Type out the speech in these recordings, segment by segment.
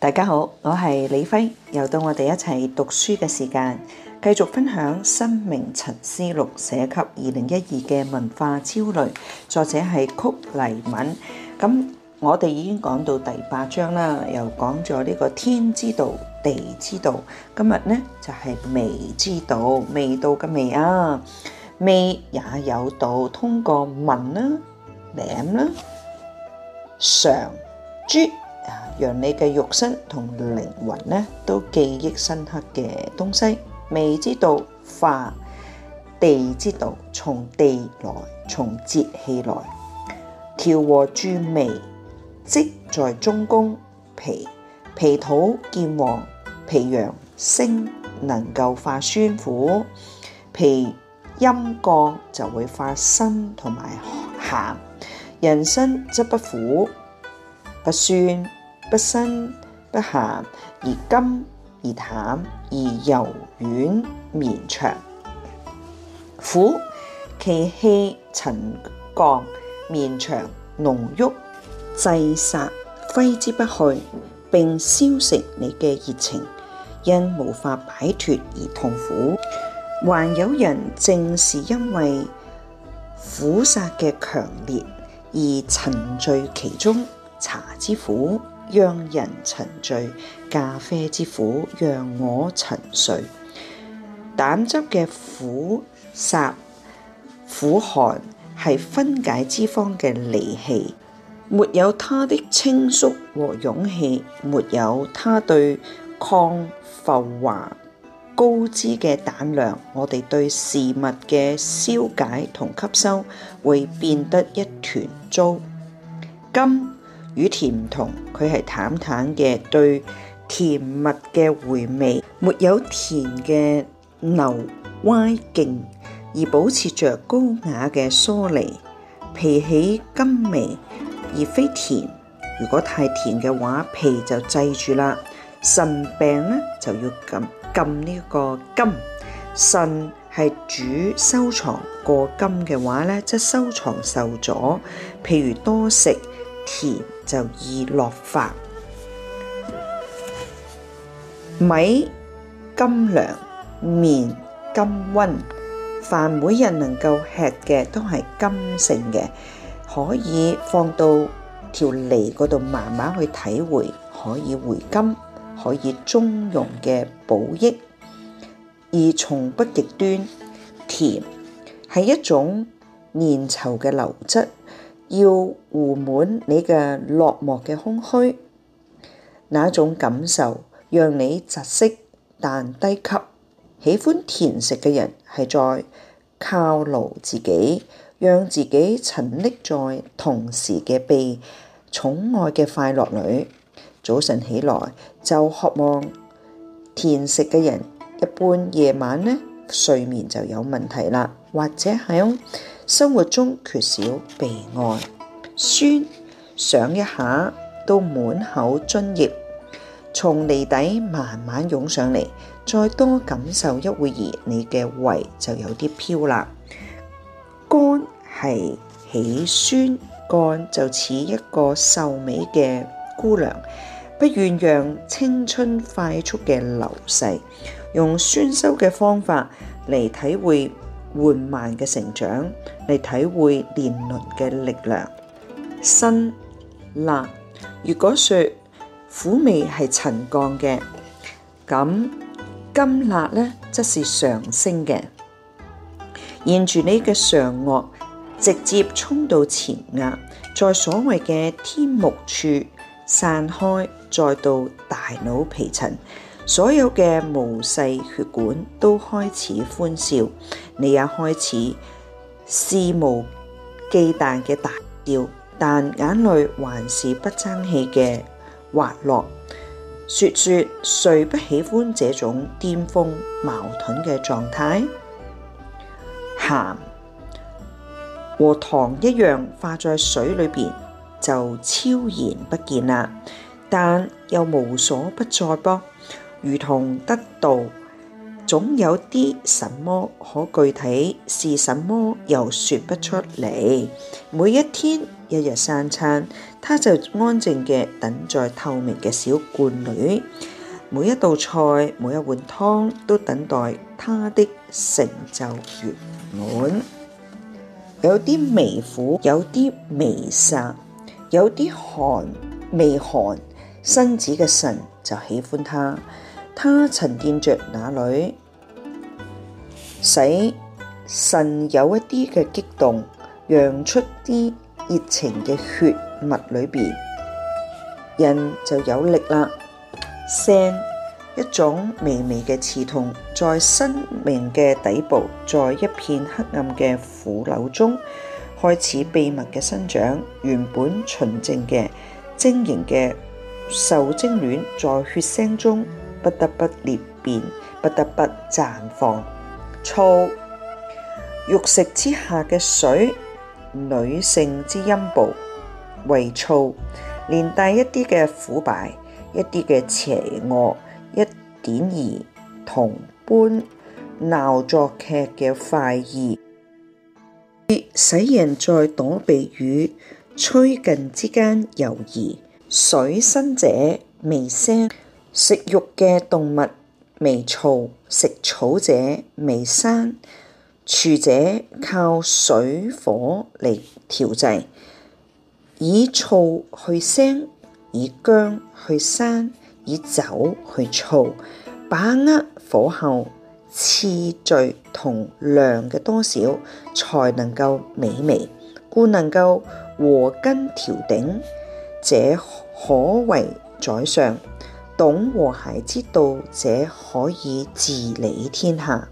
大家好，我係李輝，又到我哋一齊讀書嘅時間，繼續分享《生命沉思錄》寫給二零一二嘅文化焦慮，作者係曲黎敏。咁我哋已經講到第八章啦，又講咗呢個天之道、地之道，今日呢就係、是、味之道，味道嘅味」啊，味」也有道，通過聞啦、啊、舐啦、啊、嘗、啜。讓你嘅肉身同靈魂呢都記憶深刻嘅東西。味之道化地之道，從地來，從節氣來，調和住味，即在中宮。脾脾土健旺，脾陽升，能夠化酸苦；脾陰降就會化辛同埋鹹。人參則不苦，不酸。不辛、不咸，而甘而淡，而柔軟綿長。苦，其氣沉降，綿長濃郁，滯澀，揮之不去，並消蝕你嘅熱情，因無法擺脱而痛苦。還有人正是因為苦澀嘅強烈而沉醉其中。茶之苦。讓人沉醉，咖啡之苦讓我沉睡。膽汁嘅苦、澀、苦寒係分解脂肪嘅利器。沒有它的清肅和勇氣，沒有它對抗浮華高脂嘅膽量，我哋對事物嘅消解同吸收會變得一團糟。今與甜唔同，佢係淡淡嘅對甜蜜嘅回味，沒有甜嘅牛歪勁，而保持着高雅嘅疏離。脾起甘味，而非甜。如果太甜嘅話，脾就滯住啦。腎病咧就要撳撳呢個甘，腎係主收藏，過甘嘅話咧，則收藏受阻。譬如多食。甜就易落飯，米甘涼，麵甘溫，飯每日能夠吃嘅都係甘性嘅。可以放到條脷嗰度慢慢去體會，可以回甘，可以中庸嘅補益，而從不極端。甜係一種黏稠嘅流質。要糊滿你嘅落寞嘅空虛，那種感受讓你窒息但低級。喜歡甜食嘅人係在犒勞自己，讓自己沉溺在同時嘅被寵愛嘅快樂裏。早晨起來就渴望甜食嘅人，一般夜晚呢，睡眠就有問題啦，或者係。生活中缺少被愛，酸，想一下都滿口津液，從離底慢慢湧上嚟，再多感受一會兒，你嘅胃就有啲飄啦。肝係喜酸，肝就似一個瘦美嘅姑娘，不願讓青春快速嘅流逝，用酸收嘅方法嚟體會緩慢嘅成長，嚟體會年輪嘅力量。辛辣，如果說苦味係沉降嘅，咁辛辣呢則是上升嘅。沿住你嘅上顎，直接衝到前額，在所謂嘅天目處散開，再到大腦皮層。所有嘅毛細血管都開始歡笑，你也開始肆無忌憚嘅大笑，但眼淚還是不爭氣嘅滑落。說說誰不喜歡這種巔峰矛盾嘅狀態？鹹和糖一樣化在水裏邊就悄然不見啦，但又無所不在噃。如同得道，總有啲什麼可具體，是什麼又說不出嚟。每一天一日三餐，他就安靜嘅等在透明嘅小罐裏。每一道菜，每一碗湯，都等待他的成就圓滿。有啲微苦，有啲微沙，有啲寒，微寒身子嘅神就喜歡他。他沉念着，那裏使神有一啲嘅激動，讓出啲熱情嘅血脈裏邊，人就有力啦。腥一種微微嘅刺痛，在生命嘅底部，在一片黑暗嘅腐朽中，開始秘密嘅生長。原本純淨嘅晶瑩嘅受精卵，在血腥中。不得不裂變，不得不綻放。醋，肉食之下嘅水，女性之陰部為醋，連帶一啲嘅腐敗，一啲嘅邪惡，一點兒童般鬧作劇嘅快意，使人在躲避與趨近之間猶疑。水深者未聲。食肉嘅動物微燥，食草者微生。廚者靠水火嚟調製，以醋去腥，以薑去生，以酒去燥。把握火候、次序同量嘅多少，才能夠美味，故能夠和羹調鼎，這可謂宰相。懂和諧之道者，可以治理天下。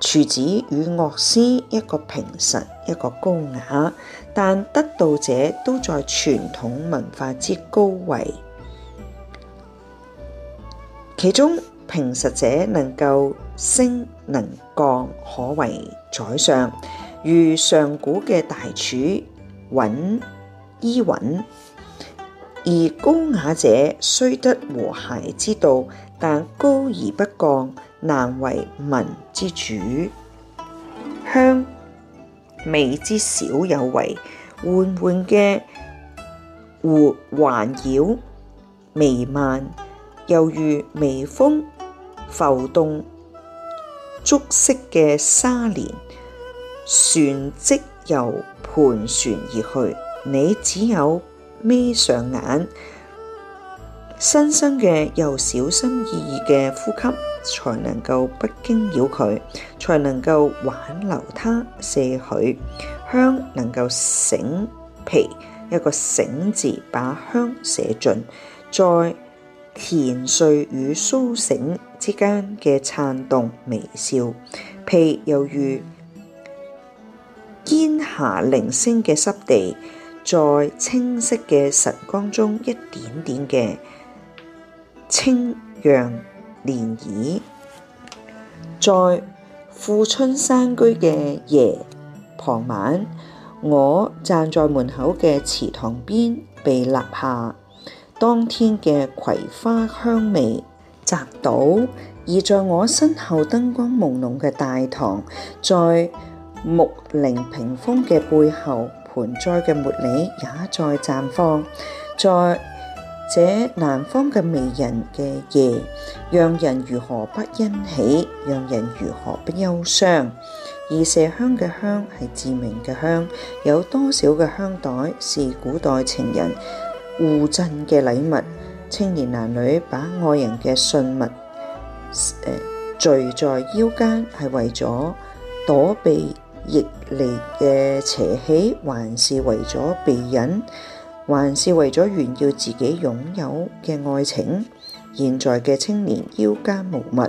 廚子與樂師，一個平實，一個高雅，但得道者都在傳統文化之高位。其中平實者能夠升能降，可為宰相，如上古嘅大廚尹伊尹。寅而高雅者雖得和諧之道，但高而不降，難為民之主。香味之少有為，緩緩嘅弧環繞，彌漫，猶如微風浮動，竹色嘅沙簾，船即由盤旋而去。你只有。眯上眼，深深嘅又小心翼翼嘅呼吸才，才能夠不驚擾佢，才能夠挽留他。卸許香能夠醒脾，一個醒字把香寫盡，在甜睡與甦醒之間嘅燦動微笑，脾猶如檐下零星嘅濕地。在清晰嘅晨光中，一點點嘅清揚漣漪。在富春山居嘅夜傍晚，我站在門口嘅池塘邊被立下當天嘅葵花香味擲倒。而在我身後燈光朦朧嘅大堂，在木靈屏風嘅背後。盆栽嘅茉莉也在綻放，在這南方嘅美人嘅夜，讓人如何不欣喜，讓人如何不憂傷？而麝香嘅香係致命嘅香，有多少嘅香袋是古代情人互贈嘅禮物？青年男女把愛人嘅信物誒聚在腰間，係爲咗躲避。逆嚟嘅邪氣，還是為咗避隱，還是為咗炫耀自己擁有嘅愛情。現在嘅青年腰間無物，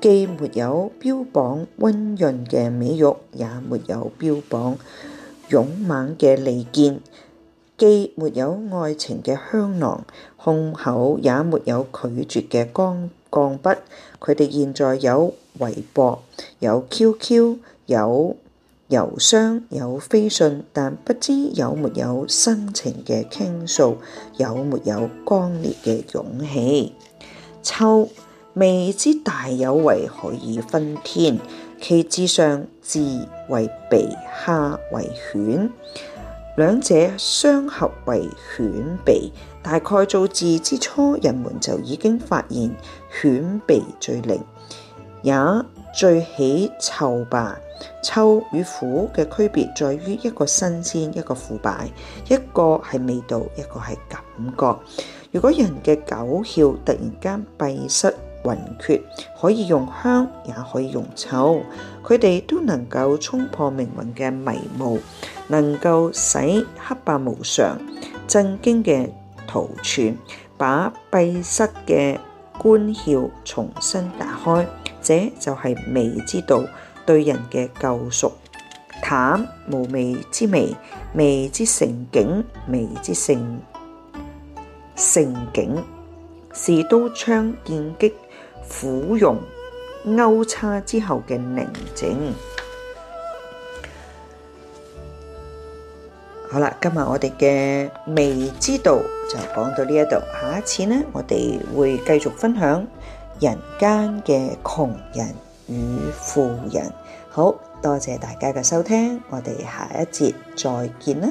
既沒有標榜溫潤嘅美玉，也沒有標榜勇猛嘅利劍；既沒有愛情嘅香囊，胸口也沒有拒絕嘅鋼鋼筆。佢哋現在有微博，有 QQ，有。郵箱有飛信，但不知有沒有深情嘅傾訴，有沒有剛烈嘅勇氣？臭，未知大有為可以分天？其之上字為鼻，下為犬，兩者相合為犬鼻。大概造字之初，人們就已經發現犬鼻最靈，也最喜臭吧。臭與苦嘅區別在於一個新鮮，一個腐敗，一個係味道，一個係感覺。如果人嘅九竅突然間閉塞昏厥，可以用香，也可以用臭，佢哋都能夠衝破命運嘅迷霧，能夠使黑白無常震驚嘅逃竄，把閉塞嘅官竅重新打開，這就係味之道。對人嘅救贖，淡無味之味，味之盛景，味之盛盛景，是刀槍劍戟、斧融鈎叉之後嘅寧靜。好啦，今日我哋嘅味之道就講到呢一度，下一次呢，我哋會繼續分享人間嘅窮人與富人。好多謝大家嘅收聽，我哋下一節再見啦。